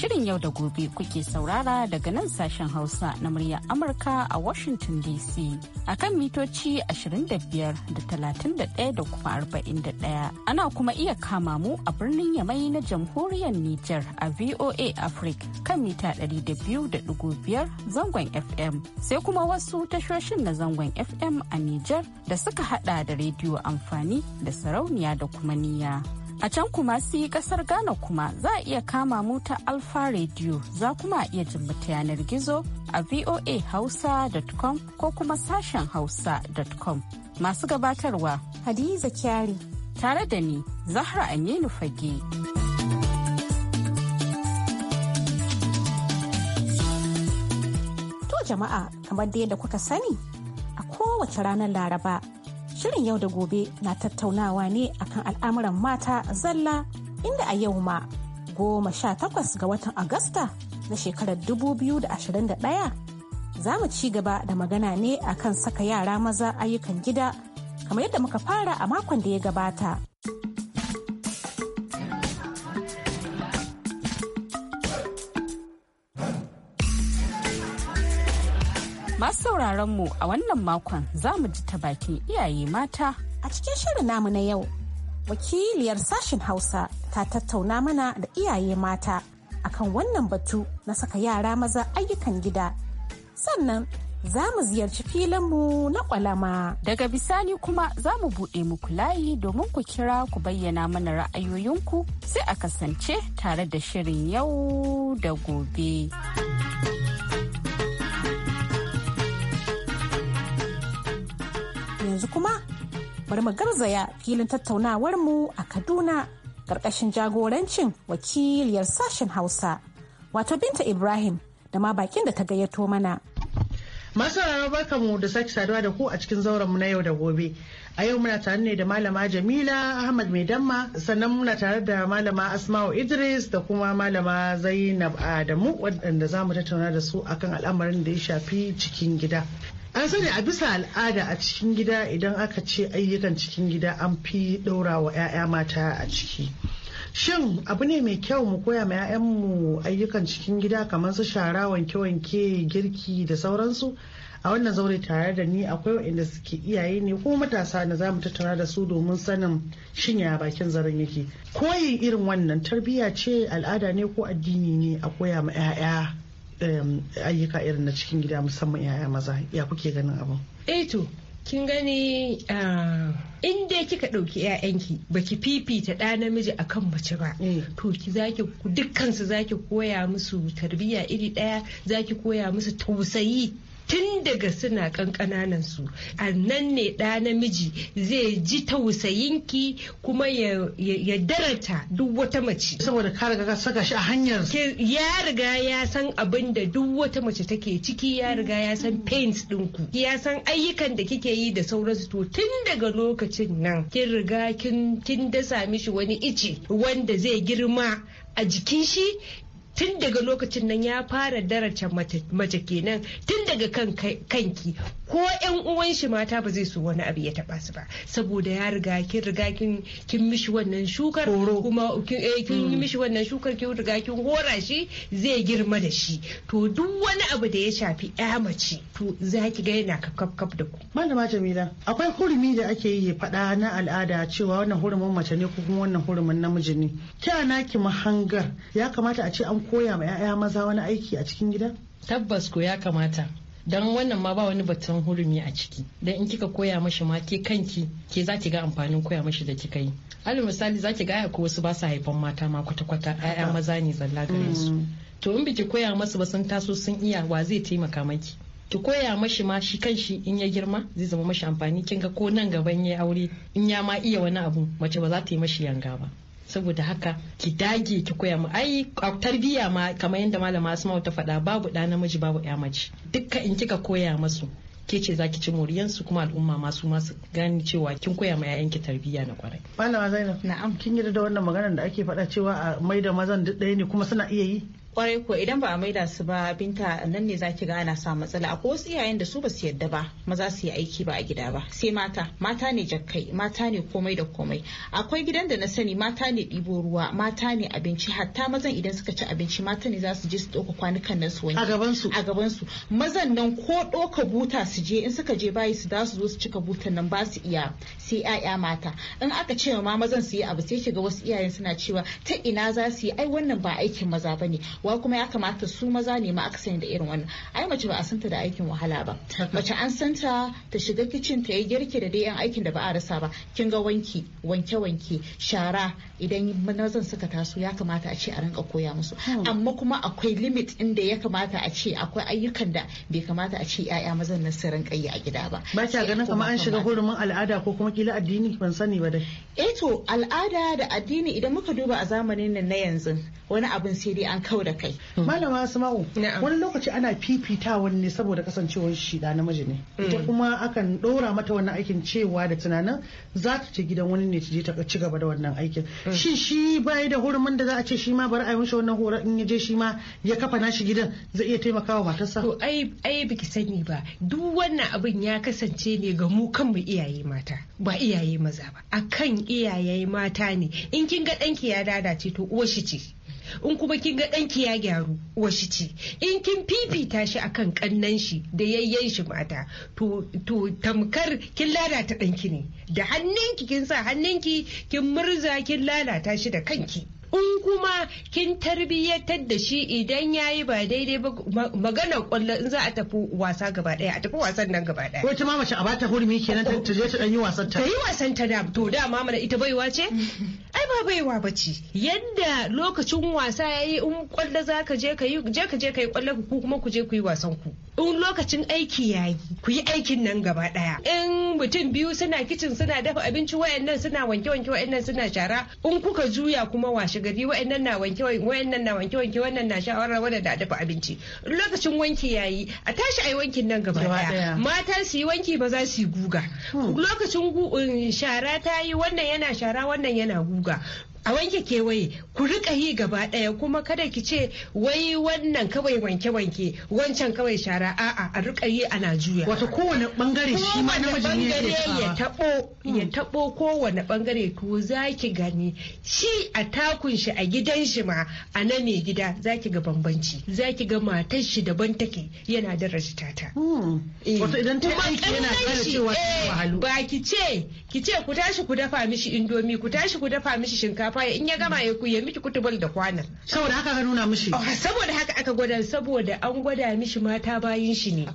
Shirin yau da gobe kuke saurara daga nan sashen Hausa na muryar Amurka a Washington DC a kan mitoci 25 da 31 da kuma 41. Ana kuma iya kama mu a birnin Yamai na jamhuriyar Nijar a VOA Africa kan mita 200.5 zangon FM sai kuma wasu tashoshin na zangon FM a Nijar da suka hada da rediyo amfani da sarauniya da kuma niya. A can kuma su yi kasar Ghana kuma za a iya kama mu ta Alfa Radio za kuma a iya jin ta yanar gizo a voahausa.com ko kuma sashen hausa.com. Masu gabatarwa Hadiza Kyari. Tare da ni Zahra Aminu Fage. To jama'a kamar da yadda kuka sani a kowace ranar Laraba. Shirin yau da gobe na tattaunawa ne akan al'amuran mata zalla inda a yau ma goma sha takwas ga watan Agusta na shekarar dubu biyu da ashirin 2021 za mu ci gaba da magana ne akan saka yara maza ayyukan gida kamar yadda muka fara a makon da ya gabata. Masu sauraron mu a wannan makon za mu ji ta bakin iyaye mata. A cikin shirin namu na yau, wakiliyar sashen Hausa ta tattauna mana da iyaye mata akan wannan batu na saka yara maza ayyukan gida. Sannan za mu ziyarci filinmu na kwalama. Daga bisani kuma za mu buɗe muku layi domin ku kira ku bayyana mana ra'ayoyinku sai a kasance tare da shirin yau da gobe. yanzu kuma bari mu garzaya filin tattaunawar mu a Kaduna karkashin jagorancin wakiliyar sashen Hausa wato Binta Ibrahim da ma bakin da ta gayyato mana. Masu barka mu da sake saduwa da ku a cikin zauren mu na yau da gobe. A yau muna tare ne da malama Jamila Ahmad Maidamma sannan muna tare da malama Asma'u Idris da kuma malama Zainab Adamu waɗanda za mu tattauna da su akan al'amarin da ya shafi cikin gida. an sani a bisa al'ada a cikin gida idan aka ce ayyukan cikin gida an fi ɗora wa 'ya'ya mata a ciki shin abu ne mai kyau mu koya ma 'ya'yanmu ayyukan cikin gida kamar su shara wanke-wanke girki da sauransu a wannan zaure tare da ni akwai waɗanda suke iyaye ne ko matasa na za mu tattara da su domin sanin shinya bakin zaren yake koyi irin wannan tarbiyya ce al'ada ne ko addini ne a koya ma 'ya'ya ayyuka irin na cikin gida musamman yaya maza ya kuke ganin abin Eto eh kin gani ah, in dai kika ɗauki 'ya'yanki baki fifita ɗa namiji akan mace ba eh. to ki zaki dukkansu zaki koya musu tarbiyya iri ɗaya zaki koya musu tausayi tun daga suna kankananan su a nan ne ɗa namiji zai ji tausayinki kuma ya darata duk wata mace saboda ka riga saka shi a hanyar ya riga ya san abin da duk wata mace take ciki ya riga ya san pains ɗinku ya san ayyukan da kike yi da sauransu to tun daga lokacin nan kin riga kin dasa mishi wani ice wanda zai girma a jikin shi tun daga lokacin nan ya fara daraja mace kenan tun daga kanki ko yan uwan shi mata ba zai so wani abu ya taba su ba saboda ya riga kin riga kin kin mishi wannan shukar kuma kin eh, hmm. mishi wannan shukar kin riga kin hora shi zai girma da shi to duk wani abu da ya shafi ya mace to za ki ga yana kafkaf da ku malama jamila akwai hurumi da ake yi faɗa na al'ada cewa wannan hurumin mace ne ko kuma wannan hurumin namiji ne kyana ki mahangar ya kamata a ce an koya ma 'ya'ya maza wani aiki a cikin gida tabbas ko ya kamata don wannan ma ba wani batun hurumi a ciki don in kika koya mashi ma ke kanki ke za ki ga amfanin koya mashi da kika yi alal misali za ki gaya ko wasu ba su haifan mata ma kwata-kwata 'ya'ya maza ne zalla gare su mm. to in biki koya masu ba sun taso sun iya wa zai taimaka maki ki koya mashi ma shi kan shi in ya girma zai zama mashi amfani kinga ko nan gaban ya aure in ya ma iya wani abu mace ba za ta yi mashi yanga ba saboda haka ki dage ki koya mu ai a tarbiyya ma kamar yadda malama asma ta faɗa babu ɗa namiji babu ya mace dukka in kika koya masu ke ce zaki ci moriyansu kuma al'umma masu masu gani cewa kin koya ma yayanki tarbiyya na kwarai malama zainab na'am kin yi da wannan maganar da ake faɗa cewa a maida mazan duk ɗaya ne kuma suna iya yi kwarai ko idan ba a maida su ba binta nan ne zaki ga ana samu matsala akwai wasu iyayen da su ba su yadda ba maza su yi aiki ba a gida ba sai mata mata ne jakkai mata ne komai da komai akwai gidan da na sani mata ne ɗibo ruwa mata ne abinci hatta mazan idan suka ci abinci mata ne za su je su ɗauka kwanukan nan su wani. a gaban su mazan nan ko ɗauka buta su je in suka je bayi su za su zo su cika butan nan ba su iya sai ƴaƴa mata in aka ce ma mazan su yi abu sai ga wasu iyayen suna cewa ta ina za su yi ai wannan ba aikin maza bane wa kuma ya kamata su maza ne ma aka da irin wannan ai mace ba a santa da aikin wahala ba mace an santa ta shiga kicin ta yi girki da dai yan aikin da ba a rasa ba kin ga wanki wanke wanke shara idan mazan suka taso ya kamata a ce a rinka koya musu hmm. amma kuma akwai limit inda ya kamata a ce akwai ayyukan da bai kamata a ce yaya mazan na su rinka a gida ba ba ta eh, ganin kamar an shiga hurumin al'ada ko kuma kila addini ban sani ba dai eh to al'ada da addini idan muka duba a zamanin nan na yanzu wani abin sai dai an kawo da kai mm. malama asma'u wani lokaci ana fifitawa ne saboda kasancewar shi da namiji ne mm. ita kuma akan ɗora mata wannan aikin cewa da tunanin za ta ce gidan wani ne ta je ta ci gaba da wannan aikin mm. shin shi bai da hurumin da za a ce shi ma bari a yi mishi wannan hura in ya je shi ma ya kafa nashi gidan zai iya taimakawa matarsa to ai ai biki sani ba duk wannan abin ya kasance ne ga mu kanmu iyaye mata ba iyaye maza ba akan iyaye mata ne in kin ga danki ya lalace to uwar shi ce in kuma kin ga ɗanki ya gyaru washi ce in kin fifita shi akan kannan shi da yayyen shi mata to tamkar kin lalata ɗanki ne da hannunki kin sa hannunki kin murza kin lalata shi da kanki in kuma kin tarbiyyatar da shi idan ya yi ba daidai ba magana kwallo in za a tafi wasa gaba daya a tafi wasan nan gaba daya ko ita ma mace a bata hurumi kenan ta je ta dan yi wasan ta yi wasan ta da to da ma mana ita baiwa ce ai ba baiwa bace yadda lokacin wasa yayi in kwallo zaka je ka yi je ka je ka yi kwallo ku kuma ku je ku yi wasan ku in lokacin aiki yayi ku yi aikin nan gaba ɗaya in mutum biyu suna kicin suna dafa abinci wayannan suna wanke wanke wayannan suna shara in kuka juya kuma washe gari wayannan na wanke wayannan na wanke wanke wannan na shawara wanda da dafa abinci in lokacin wanki yi a tashi ayi wankin nan gaba daya mata su yi wanki ba za su yi guga hmm. lokacin um, shara ta yi wannan yana shara wannan yana guga a wanke kewaye ku rika yi gaba daya kuma kada ki ce wai wannan kawai wanke wanke wancan kawai shara a'a a rika yi ana juya wato kowane bangare shi ma namijin ya tabo mm. ya tabo kowane bangare to zaki gani shi a takun shi a gidan shi ma a nan ne gida zaki ga bambanci zaki ga matar shi daban take yana rajita ta mm. eh. wato idan ta aiki yana kare cewa eh, ba ki ce ki ce ku tashi ku dafa mishi indomi ku tashi ku dafa mishi shinkafa shafa in ya gama ya kuye miki kutubul da kwanar saboda haka ka nuna mishi oh, saboda haka aka gwada saboda an gwada mishi mata bayin shi ne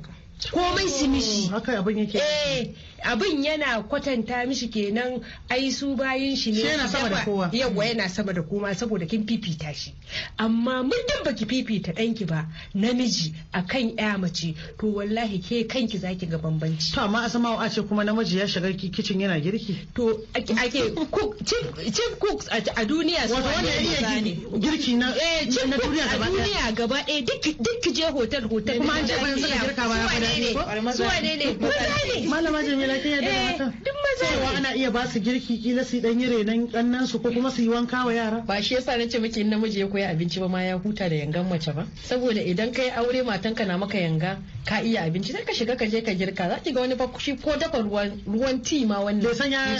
komai su mishi haka abin yake eh abin yana kwatanta mishi kenan ai su bayin shi ne hmm. yana sama da kowa yawa yana sama da kuma saboda kin fifita shi amma muddin baki fifita danki ba namiji akan ya mace to wallahi ke kanki zaki ga bambanci to amma asama a ce kuma namiji ya shiga kicin yana girki to ake cook chief cooks a duniya su wanda iya girki na eh na duniya gaba daya duniya gaba daya duk duk je hotel hotel kuma an ce ba yanzu girka ba ya fada ne su ne ne malama jami'a jamila kin yadda da eh, duk maza cewa ana iya ba su girki kila su dan yi renan kannan su ko kuma su yi wanka wa yara ba shi yasa nace miki in namiji ya koyi abinci ba ma ya huta da yangan mace ba saboda idan kai aure matanka na maka yanga ka iya abinci sai ka shiga ka je ka girka za ki ga wani fa ko dafa ruwan ruwan ti ma wannan bai sanya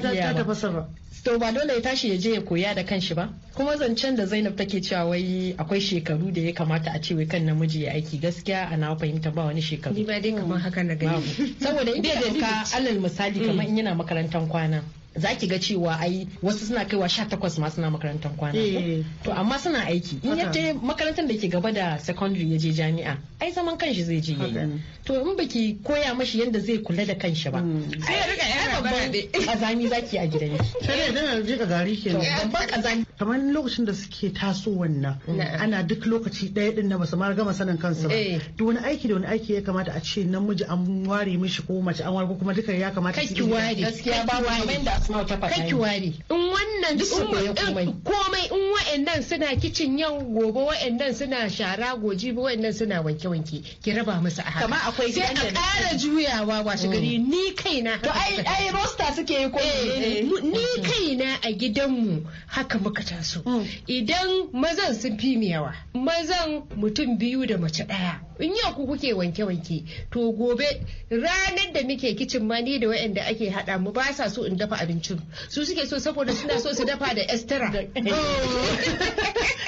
ta tafasa ba to ba dole ya tashi ya je ya koya da kanshi ba kuma zancen da zainab take cewa wai akwai shekaru da ya kamata a ce wai kan namiji ya aiki gaskiya ana na fahimta ba wani shekaru ni ba dai kamar haka na gani saboda in ka alal misali kamar in yana makarantar kwana za ki ga cewa ai wasu suna kaiwa sha takwas ma suna makarantar kwana eh, eh, eh. to amma suna aiki in yadda makarantar da ke gaba da secondary ya je jami'a ai zaman kanshi zai je yayi to in baki koya mashi yadda zai kula da kanshi ba hmm. sai ya rika yana babban kazami zaki a gidan sai dai dan je ka gari kenan babban kazami kamar lokacin da suke taso wannan ana duk lokaci ɗaya din na basu ma gama sanin kansu ba to wani aiki da wani aiki ya kamata a ce namiji an ware mishi ko mace an ware ko kuma duka ya kamata ki ware gaskiya ba wani asma ta faɗa kake ware in wannan komai in wa'annan suna kicin yau gobe wa'annan suna shara goji ba wa'annan suna wanke wanke ki raba musu a haka Kama akwai sai a ƙara juyawa washe gari mm. ni kaina to ai ai roster suke yi ko eh, eh, ni kaina a gidanmu haka muka taso mm. idan mazan sun fi yawa mazan mutum biyu da mace ɗaya in yau ku kuke wanke wanke to gobe ranar da muke kicin ma ni da wa'anda ake haɗa mu ba sa so in dafa abinci abincin su suke so saboda suna so su dafa da estera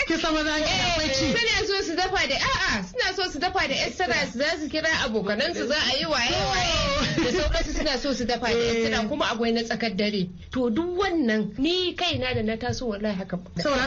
ki sama za ki bace suna so su dafa da a'a suna so su dafa da estera su za su kira abokanansu za a yi waye waye oh. da sauransu suna so su dafa da eh. suna kuma akwai na tsakar dare to duk wannan ni kaina da na taso wallahi haka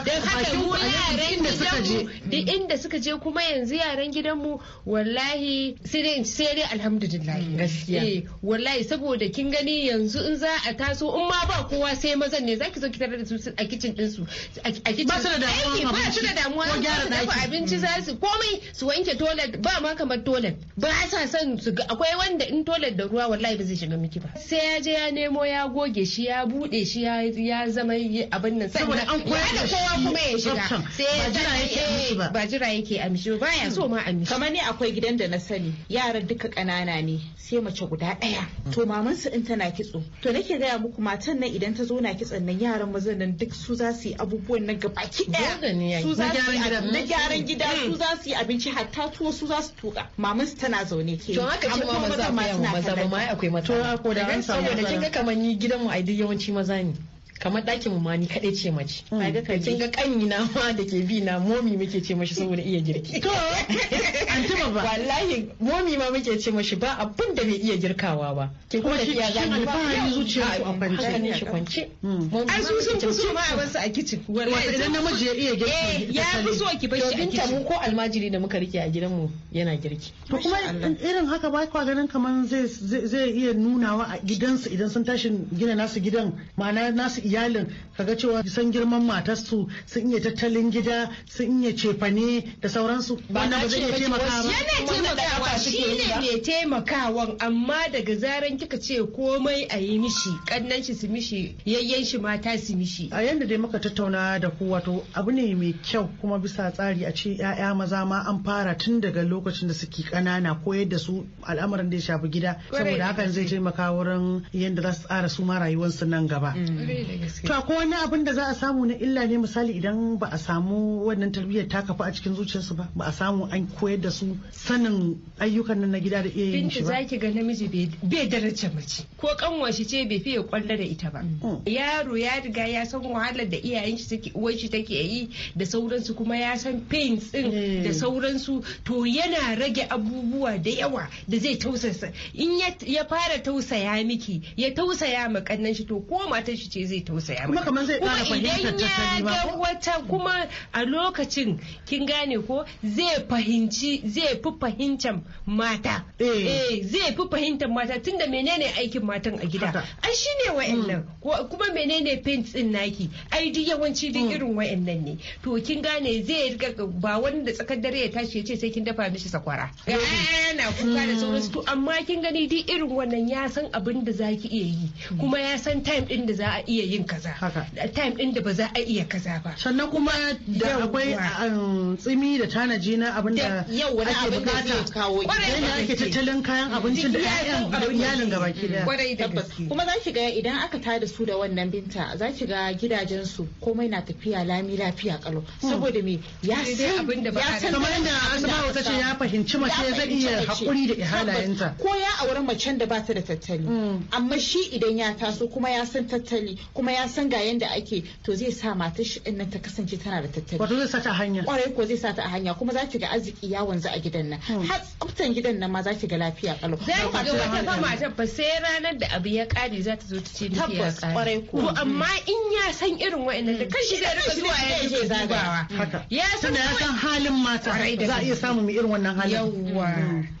dan haka mu yaran gidanmu duk inda suka je kuma yanzu yaran gidanmu wallahi sai dai sai dai alhamdulillah mm, gaskiya eh, wallahi saboda kin gani yanzu in za a taso in ma ba kowa sai mazan ne zaki zo ki tarar da su a kitchen din su a kitchen ba su da damuwa ba su da damuwa ko dafa abinci mm. za su komai su wanke toilet ba ma kamar toilet ba sa son su akwai wanda in toilet da ruwa ma wallahi ba zai shiga miki ba sai ya je ya nemo ya goge shi ya bude shi ya zama abin nan saboda an koyar da kowa kuma ya shiga sai eh, ba jira yake amshi ba ya so ma amshi kamar ni akwai gidan da na sani yaran duka kanana ne sai mace guda daya to maman su in tana kitso to nake gaya muku matan nan idan ta zo na kitson nan yaran mazan nan duk su za su yi abubuwan nan gaba gabaki daya su za su na gyaran gida eh. su za su yi abinci hatta tuwo su za su tuka maman su tana zaune ke to haka ce ma maza ma ai akwai mata to ko da an samu saboda kin ga kamar ni gidan mu a duk yawanci maza ne kamar ɗakin mu ma ni kaɗai ce mace. Hmm. Kin ga kanyi na ma da ke bi na momi muke ce mashi saboda iya girki. To an ba. Wallahi momi ma muke ce mashi ba abin da bai iya girkawa ba. Ke kuma za gani ba. Ba zuciya a kwance. Hakanin shi kwance. Hmm. Ai su sun fi so ma a wasu a kicin. Wallahi idan namiji ya iya girki. Eh, ya fi so ki bar shi a kicin. mu ko almajiri da muka rike a mu yana girki. To kuma irin haka ba kwa ganin kamar zai iya nunawa a gidansu idan sun tashi gina nasu gidan ma'ana nasu iyalin kaga cewa san girman matarsu sun iya tattalin gida sun iya cefane da sauransu na ba zai iya taimaka ba yana taimakawa shine mai taimakawa amma daga zaran kika ce komai a yi mishi kannan shi su mishi yayyen shi mata su mishi a yanda dai muka tattauna da ku wato abu ne mai kyau kuma bisa tsari a ce ya'ya maza ma an fara tun daga lokacin da suke kanana koyar da su al'amarin da ya shafi gida saboda hakan zai taimaka wurin yadda za su tsara su ma rayuwarsu nan gaba mm. to ko wani abin da za a samu na illa ne misali idan ba a samu wannan tarbiyyar ta kafa a cikin zuciyarsu ba ba a samu an koyar da su sanin ayyukan nan na gida da iya yin shi ba zaki ga namiji bai daraja mace ko kanwar shi ce bai fiye kwalla da ita ba mm. Mm. yaro ya riga ya san wahalar da iyayen shi take uwar shi take yi da sauransu kuma ya san pains din eh. da sauransu to yana rage abubuwa da yawa da zai tausasa in ya fara tausaya miki ya tausaya ma kannan shi to ko matar shi ce zai tausaya kuma idan ya ga wata kuma a lokacin kin gane ko zai fahimci zai fi fahimtar mata eh. Eh, zai fi fahimtar mata tunda menene aikin matan a gida ai shine wa'annan mm. kuma menene paint din naki ai duk yawanci din mm. irin wa'annan ne to kin gane zai riga ba wanda tsakar dare ya tashi ya ce sai kin dafa mishi sakwara eh. yana kuka da sauransu mm. to amma kin gani duk irin wannan ya san abin da zaki iya yi kuma ya san time din da za a iya yi yin kaza da time din da ba za a iya kaza ba sannan kuma da akwai um, tsimi da tanaji na abin da ake bukata yadda ake tattalin kayan abincin da ayyan iyalin gaba ki da kwarai da tabbas kuma za ki ga idan aka tada su da wannan binta za ki ga gidajen su komai na tafiya lami lafiya kalo hmm. saboda me ya san abin da ba kamar yadda asma'u ta ya fahimci mace zai iya hakuri da ihalayenta ko ya auri macen da ba ta da tattali hmm. amma shi idan ya taso kuma ya san tattali kuma kuma ya san ga yanda ake to zai sa matar shi nan ta kasance tana da tattali wato zai sa ta hanya kwarai ko zai sa ta a hanya kuma za ki ga arziki ya wanzu a gidan nan hmm. har tsaftan gidan nan ma za ki ga lafiya kalo. za ki ga wata ba matar ba sai ranar da abu ya kare za ta zo ta ce ni ya kare ko amma in ya san irin wa'annan da hmm. kashi da rika zuwa ya je zagawa hmm. ya san ya san halin mata za a iya samu mu irin wannan halin yawwa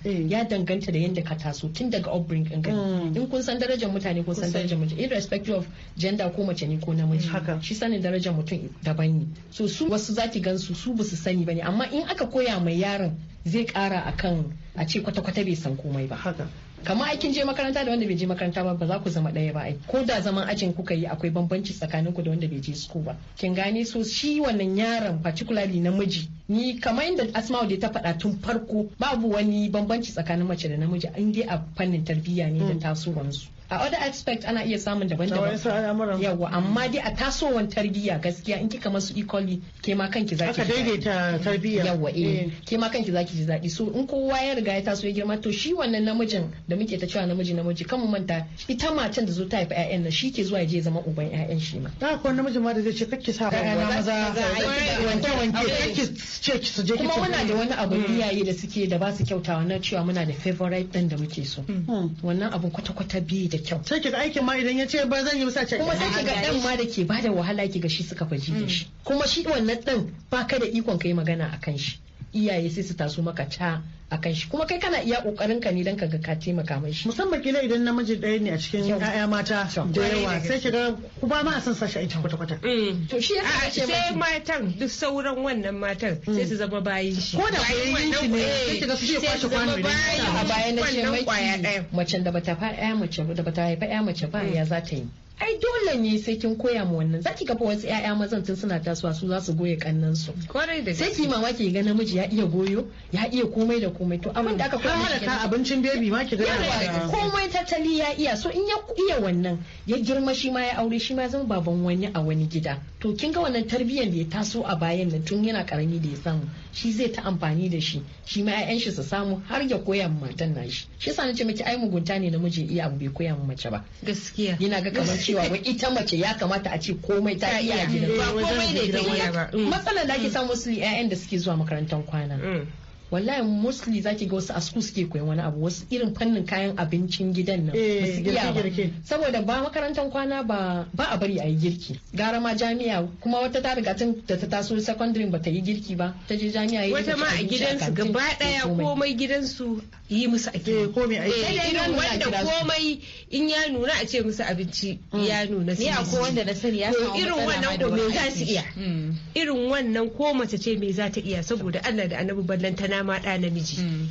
eh. ya danganta da yanda ka taso tun daga upbringing in kun san darajar mutane kun san darajar mutane irrespective of gender ko mace ne ko namiji haka shi sanin darajar mutum daban ne so su wasu zaki gansu su basu sani bane amma in aka koya mai yaron zai kara akan a ce kwata-kwata bai san komai ba haka kamar aikin je makaranta da wanda bai je makaranta ba ba za ku zama ɗaya ba ai ko da zaman ajin kuka yi akwai bambanci tsakanin ku da wanda bai je school ba kin gane so shi wannan yaron particularly namiji ni kamar yadda asma'u da ta faɗa tun farko babu wani bambanci tsakanin mace da namiji in dai a fannin tarbiyya ne da mm. tasowansu a other aspect ana iya samun daban-daban yawa amma dai a tasowar tarbiyya gaskiya in kika masu equally ke ma kanki zaki aka daidaita tarbiyya yawa eh, eh ke ma kanki zaki ji zaki. so in kowa ya riga ya taso ya girma to shi wannan namijin da muke ta cewa namiji namiji kan mu manta ita macen da zo ta haifa ƴaƴan nan shi ke zuwa je zama uban ƴaƴan shi ma da kuma namiji ma da zai ce kake sa ba na maza wanke wanke kakki ce ki su je ki kuma muna da wani abu hmm. iyaye da suke da ba su kyautawa na cewa muna da favorite din da muke so hmm. wannan abun kwata-kwata biyu da da kyau sai kiga aikin ma idan ya ce ba zan yi ba sai kuma sai kiga dan ma da ke bada wahala kiga shi suka faji da shi mm. kuma shi wannan dan ba ka da ikon kai magana akan shi iyaye sai su taso maka ca a kan shi kuma kai kana iya kokarin ka ne dan kaga ka taimaka mai shi musamman kila idan namiji ɗaya ne a cikin ƴaƴa mata da yawa sai kiga ku ba ma san sashi aikin kwata kwata mm. to shi yasa ce sai matan duk sauran wannan matan mm. sai su zama bayin shi ko da bayin shi ne sai kiga su je kwashe eh, kwano da a bayan na ce mai mace da bata fa ƴa mace da bata haifa ɗaya mace ba ya za ta yi ai dole ne sai kin koya ma wannan zaki ga wasu ƴaƴa mazan tun suna tasowa su za su goye kannan su kwarai da sai ki mamaki ga namiji ya iya goyo ya iya komai da komai to abin da aka koya miki ta abincin baby ma ki ga komai tattali ya iya so in ya iya wannan ya girma shi ma ya aure shi ma zama baban wani a wani gida to kin ga wannan tarbiyyar da ya taso a bayan nan tun yana karami da ya samu shi zai ta amfani da shi shi ma ƴaƴan shi su samu har ya koya ma matan nashi shi yasa nace miki ai mugunta ne namiji iya abu bai koya mu mace ba gaskiya yana ga kamar cewa wai ita mace ya kamata a ce komai ta iya gida eh, ba komai ne ta iya mm. matsalar da ake mm. samu musulmi 'ya'yan da suke zuwa makarantar kwana mm. wallahi mostly zaki ga wasu a school suke koyan wani abu wasu irin fannin kayan abincin gidan nan eh, saboda ba makarantar kwana ba ba a bari a yi girki gara ma jami'a kuma wata ta riga tun da ta taso secondary ba ta yi girki ba ta je jami'a yi wata ma a gidansu gaba daya komai gidansu yi musu ake eh, ko me ake eh, irin wanda komai in ya nuna a ce musu abinci mm. ya nuna sai ya ko wanda na sani ya samu irin wannan ko me mm. irin wannan ko mace ce me za ta iya saboda Allah da Annabi ballan ta nama da namiji mm.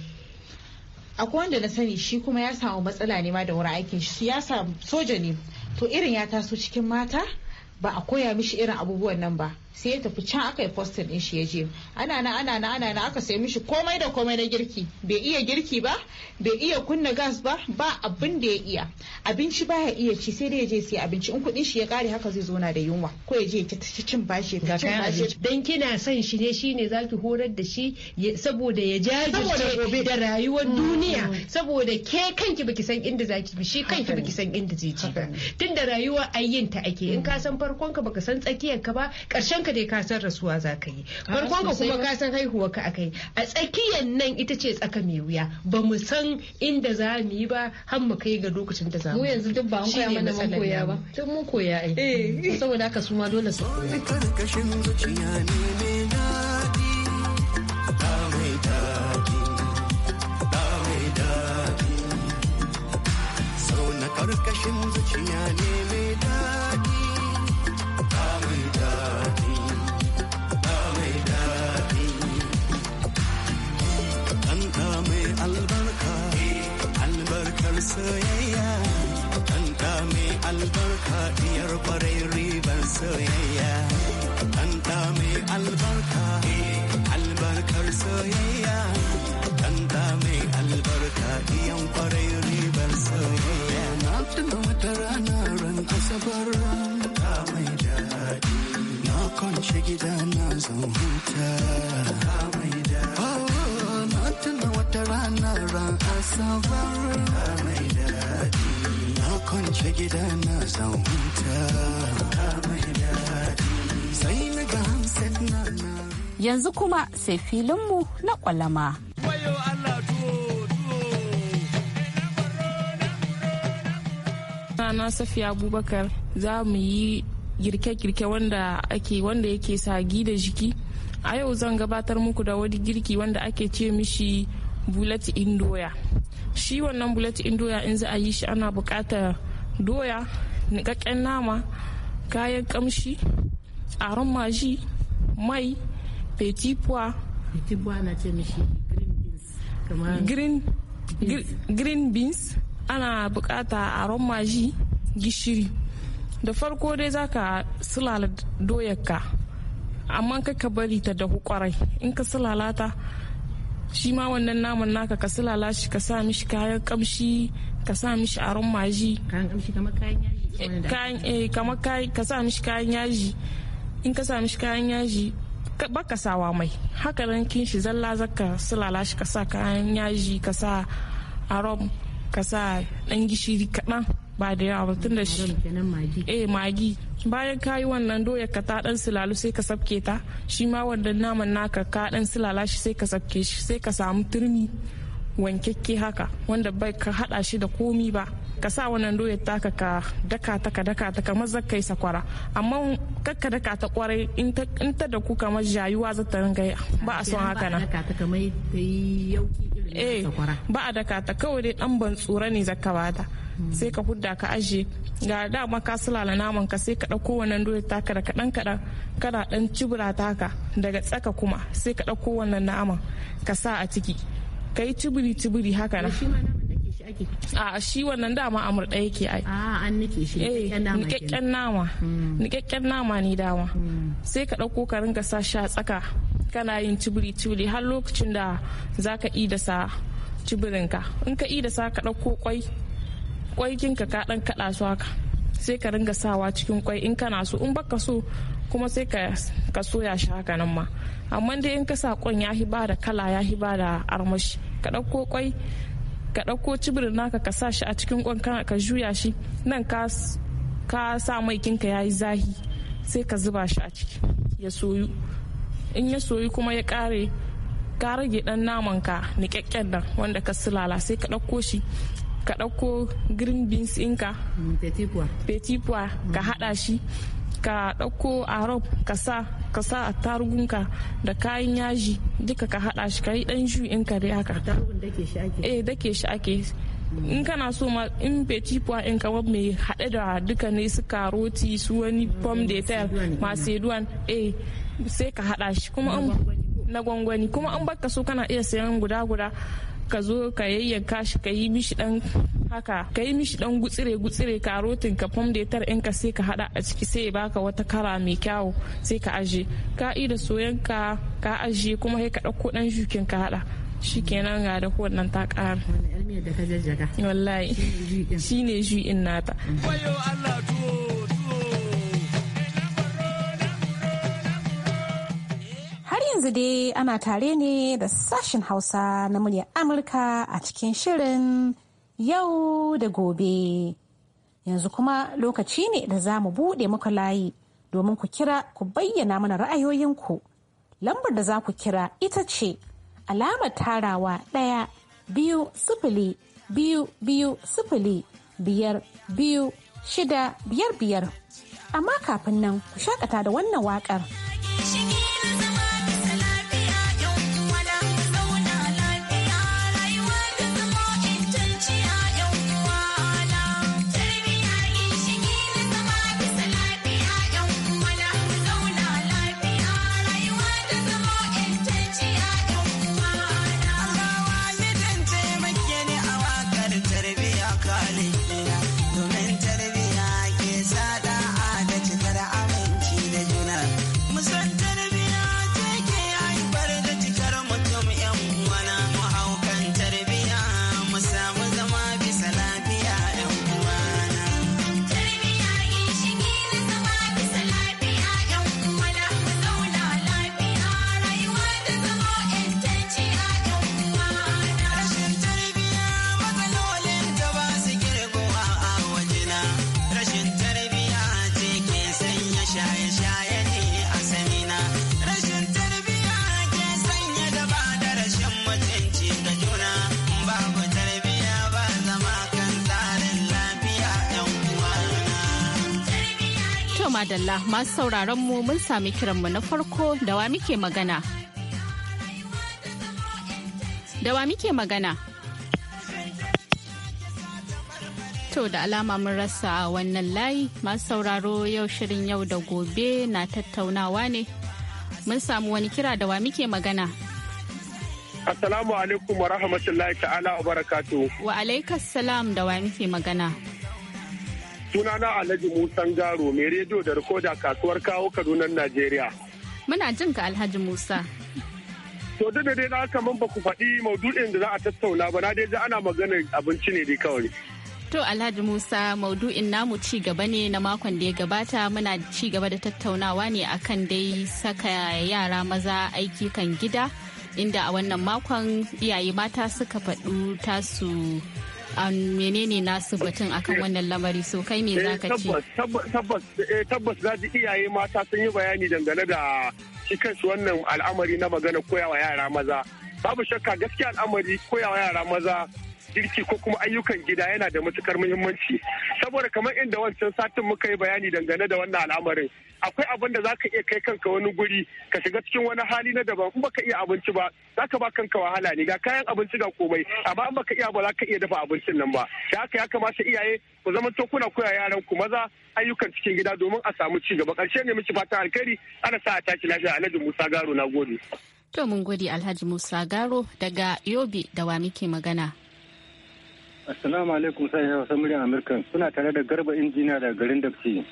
akwai wanda na sani shi kuma ya samu matsala ne ma da wurin aikin shi ya samu soja ne to irin ya taso cikin mata ba a koya mishi irin abubuwan nan ba sai ya tafi can aka yi postin din shi ya je ana na ana na ana na aka sai mishi komai da komai na girki bai iya girki ba bai iya kunna gas ba ba abin da ya iya abinci baya iya ci sai dai ya je sai abinci in kuɗin shi ya kare haka zai zona da yunwa ko ya je ya ci cin bashi ta cin bashi dan kina son shi ne shine zaki horar da shi saboda ya jajirce da rayuwar mm, duniya mm. saboda ke kanki baki san inda zaki bi shi kanki baki san inda zai ci ba tunda rayuwa ayyinta ake in ka mm. san farkon ka baka san tsakiyar ka ba karshen ka dai ka san rasuwa za ka yi farkon ka kuma ka san haihuwa ka akai a tsakiyar nan ita ce tsaka mai wuya ba mu san inda za mu yi ba har mu kai ga lokacin da za mu yanzu duk ba mun koya mana mun koya ba duk mun koya ai eh. saboda haka su ma dole su koya karkashin zuciya ne mai soyayya ɗanɗa mai albarka diyar kwarai ribar soyayya ɗanɗa mai albarka eh, albarkar soyayya Yanzu kuma sai filinmu na kwalama. Sana Safiya Abubakar za mu yi girke-girke wanda ake wanda yake sagi da jiki. A yau zan gabatar muku da wani girki wanda ake ce mishi bulat in doya. Shi wannan bulat in doya in za a yi shi ana bukatar doya, niƙaƙƙen nama, kayan ƙamshi, aron maji, mai petit pois petit pois na ce mishi green beans green beans ana bukata a romaji gishiri da farko dai zaka sulala doyarka amma ka bari ta dahu kwarai in ka sulala ta shi ma wannan naman naka ka sulala shi ka sa mishi kayan kamshi ka sa mishi aron maji ka sa mishi kayan yaji in ka sa mishi kayan yaji baka sawa mai haka rankin shi zalla zaka sulala shi ka sa kayan yaji ka sa arom ka sa dan gishiri kaɗan ba da yawa tun da shi eh magi bayan kayi wannan doya ka ta dan sulalu sai ka sabke ta shi ma wannan naman naka ka dan sulala shi sai ka sabke shi sai ka samu turmi wankekke haka wanda bai ka hada shi da komi ba ka sa wannan doyar taka ka daka ta ka daka ta kamar zakkai sakwara amma kakka daka ta kwarai in ta da ku kamar jayuwa za ta ringa ba a son haka na eh, ba a daka ta kawai dai dan ban tsura ne zaka bada sai ka hudda ka ajiye ga dama ka sulala naman ka sai ka ɗauko wannan doya taka da kaɗan kaɗan kada dan cibira taka daga tsaka kuma sai ka dauko wannan naman ka sa a ciki ka yi cibiri cibiri haka na a shi wannan dama amur yake ai an nike shi eh, nikakken nama nikakken hmm. nama ne dama hmm. sai ka ɗauko ka ringa sa sha tsaka kana yin cibiri cibiri har lokacin da za ka yi da sa cibirinka in ka yi da sa ka ɗauko kwai kwai kinka ka ɗan kaɗa su haka sai ka ringa sawa cikin kwai in kana so in baka so kuma sai ka soya shi haka nan ma amma dai in ka sa kwan ya hi ba da kala ya hi ba da armashi ka ɗauko kwai ka ɗauko cibirin naka ka sa shi a cikin kwan ka juya shi nan ka sa mai kinka ya yi zahi sai ka zuba shi a ciki ya soyu in ya soyu kuma ya ƙare ka rage ɗan naman ka niƙaƙƙen nan wanda ka sulala sai ka ɗauko shi ka ɗauko green beans ɗinka mm, petit pois ka haɗa shi ka ɗauko arab ka sa ka sa a tarugunka da kayan yaji duka ka hada shi ka yi dan ju in ka dai haka eh dake shi ake in kana so ma in petit kuwa in kama mai haɗe da duka ne su karoti su wani pom de terre macedon eh sai ka hada shi kuma na gwangwani kuma an baka so kana iya sayan guda guda ka zo ka yayyanka shi ka yi mishi dan haka ka yi mishi dan gutsire gutsire karotin ka fam da in ka sai ka hada a ciki sai ya baka wata kara mai kyawu sai ka aje ka yi da soyanka ka aje kuma sai ka dauko dan jukin ka hada kenan ga da kowannan ta kara wallahi shine juyin nata mm-hmm. wayo Allah yanzu dai ana tare ne da sashen Hausa na muryar Amurka a cikin shirin yau da gobe. Yanzu kuma lokaci ne da za mu buɗe muka layi domin ku kira ku bayyana mana ra'ayoyinku. Lambar da za ku kira ita ce alamar tarawa ɗaya biyu sifili biyu biyu sifili biyar biyu shida biyar biyar. Amma kafin nan ku shakata da wannan waƙar. madalla masu sauraron mu mun sami kiranmu na farko da wa muke magana. Da wa muke magana? To da alama mun rasa wannan layi masu sauraro yau shirin yau da gobe na tattaunawa ne. Mun samu wani kira da wa muke magana. Assalamu alaikum wa rahmatullahi ta'ala wa barakatu. Wa alaikas salam da wa muke magana. sunana alhaji musan garo mai rediyo da rikoda kasuwar kawo kaduna najeriya muna jin ka alhaji musa to da dai na haka ba ku faɗi maudu'in da za a tattauna ba na dai ana maganar abinci ne dai kawai To Alhaji Musa maudu'in namu ci gaba ne na makon da ya gabata muna ci gaba da tattaunawa ne akan dai saka yara maza aiki kan gida inda a wannan makon iyaye mata suka faɗu tasu menene nasu batun akan wannan lamari so kai me eh, za ka ce tabbas za eh, ji iyaye mata sun yi bayani dangane da shi kansu wannan al'amari na magana koyawa yara maza babu shakka gaskiya al'amari koyawa yara maza girki ko kuma ayyukan gida yana da matukar muhimmanci saboda kamar inda wancan satin muka yi bayani dangane da wannan al'amarin akwai abin da zaka iya kai kanka wani guri ka shiga cikin wani hali na daban in baka iya abinci ba zaka ba kanka wahala ne ga kayan abinci ga komai amma in baka iya ba zaka iya dafa abincin nan ba da haka ya kamata iyaye ku zama to kuna koya yaran ku maza ayyukan cikin gida domin a samu ci gaba karshe ne miki fatan alkhairi ana sa a tashi lafiya Alhaji Musa Garo na gode to mun gode Alhaji Musa Garo daga Yobe da wa muke magana Assalamu alaikum sai Hausa muryar Amurka. Suna tare da Garba Injiniya daga garin Dabci.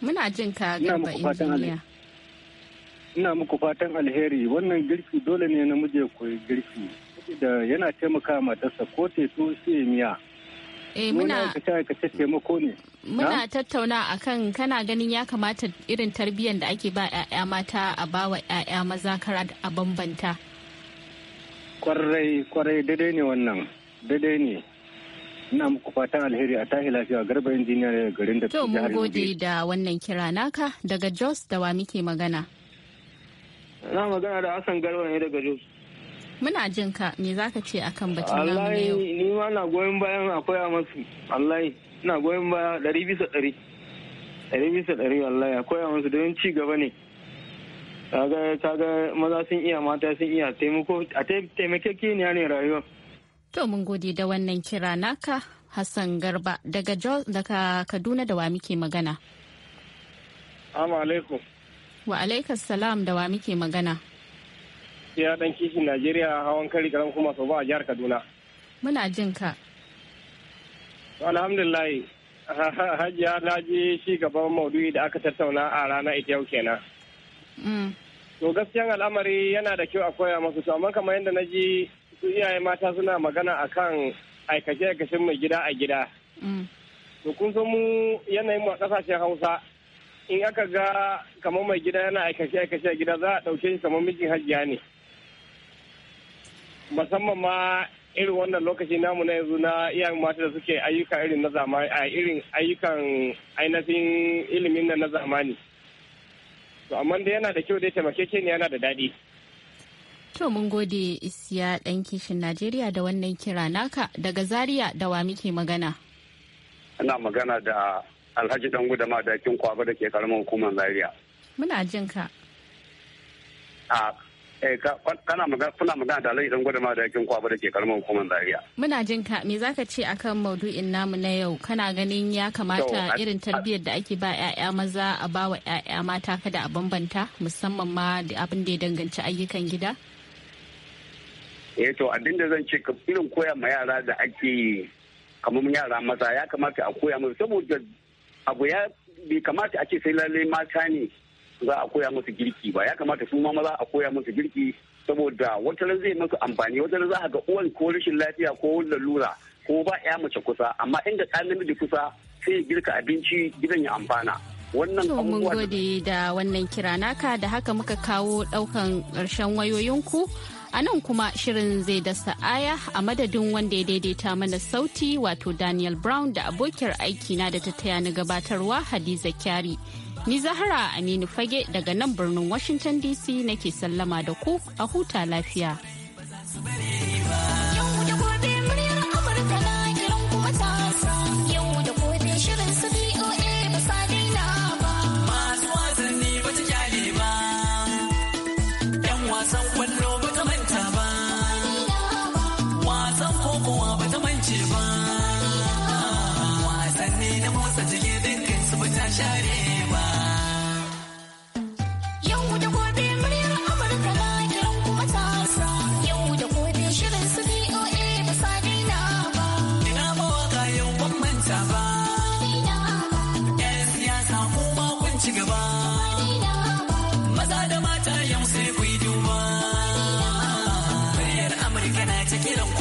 Muna jin ka Garba Injiniya. Ina muku fatan alheri wannan girki dole ne namiji ya koyi girki. Da yana taimaka matarsa ko teto sai miya. Eh muna taimako ne. Muna tattauna akan kana ganin ya kamata irin tarbiyyar da ake ba 'ya'ya mata a bawa 'ya'ya maza kara a bambanta. Kwarai kwarai daidai ne wannan daidai ne ina muku fatan alheri a tahi lafiya garba injiniya da garin da to mun gode da wannan kira naka daga jos da wa muke magana na magana da hassan garba ne daga jos muna jin ka me zaka ce akan batun nan yau yau ni ma na goyon bayan akwai a musu wallahi ina goyon baya ɗari bisa ɗari ɗari bisa wallahi akwai a masu don ci gaba ne kaga kaga maza sun iya mata sun iya taimako a taimakekeniya ne rayuwa To mun gode da wannan kira naka Hassan Garba daga daga Kaduna da wa muke magana. Amma alaikum. Wa alaikas salam da wa muke magana. Ya dan kishin Najeriya hawan kari karam kuma so ba a jihar Kaduna. Muna jin ka. Alhamdulillah. Hajiya na ji shi gaban maudu'i da aka tattauna a rana ita yau kenan. Mm. To gaskiyan al'amari yana da kyau a koya masu amma kamar yadda na ji su iyaye mata suna magana a kan aikace-aikacen mai gida a gida. Mm. To kun san mu yanayin a kasashen Hausa in aka ga kamar mai gida yana aikace-aikace a gida za a ɗauke shi kamar mijin hajiya ne. Musamman ma irin wannan lokaci namu na yanzu na iyayen mata da suke ayyuka irin na zamani a irin ayyukan ainihin ilimin na zamani. To amma da yana da kyau dai taimakekeniya yana da daɗi. To mun gode isiya ɗan kishin Najeriya da wannan kira naka daga Zaria da wa muke magana. Ana magana da Alhaji dan ma da kin kwaba da ke karamin hukumar Zaria. Muna jin ka. Eh, kana magana kuna magana da Alhaji dan da kin kwaba da ke karamin hukumar Zaria. Muna jin ka me zaka ce akan maudu'in namu na yau kana ganin ya kamata irin tarbiyyar da ake ba ƴaƴa maza a ba wa ƴaƴa mata kada a bambanta musamman ma da abin da ya danganci ayyukan gida? eh to abin da zan ce ka irin koya ma yara da ake kamar yara maza ya kamata a koya musu saboda abu ya bai kamata a ce sai lalle mata ne za a koya musu girki ba ya kamata su ma maza a koya musu girki saboda wata ran zai musu amfani wata ran za a ga uwan ko rashin lafiya ko lalura ko ba ya mace kusa amma inda ɗan namiji kusa sai girka abinci gidan ya amfana wannan mun gode da wannan kira naka da haka muka kawo ɗaukan ƙarshen wayoyinku A nan kuma shirin zai dasa aya a madadin wanda ya daidaita mana sauti wato Daniel Brown da abokiyar aikina da ta taya na gabatarwa Hadiza Kyari. Ni Zahara Aminu Fage daga nan birnin Washington DC nake sallama da ku a huta lafiya.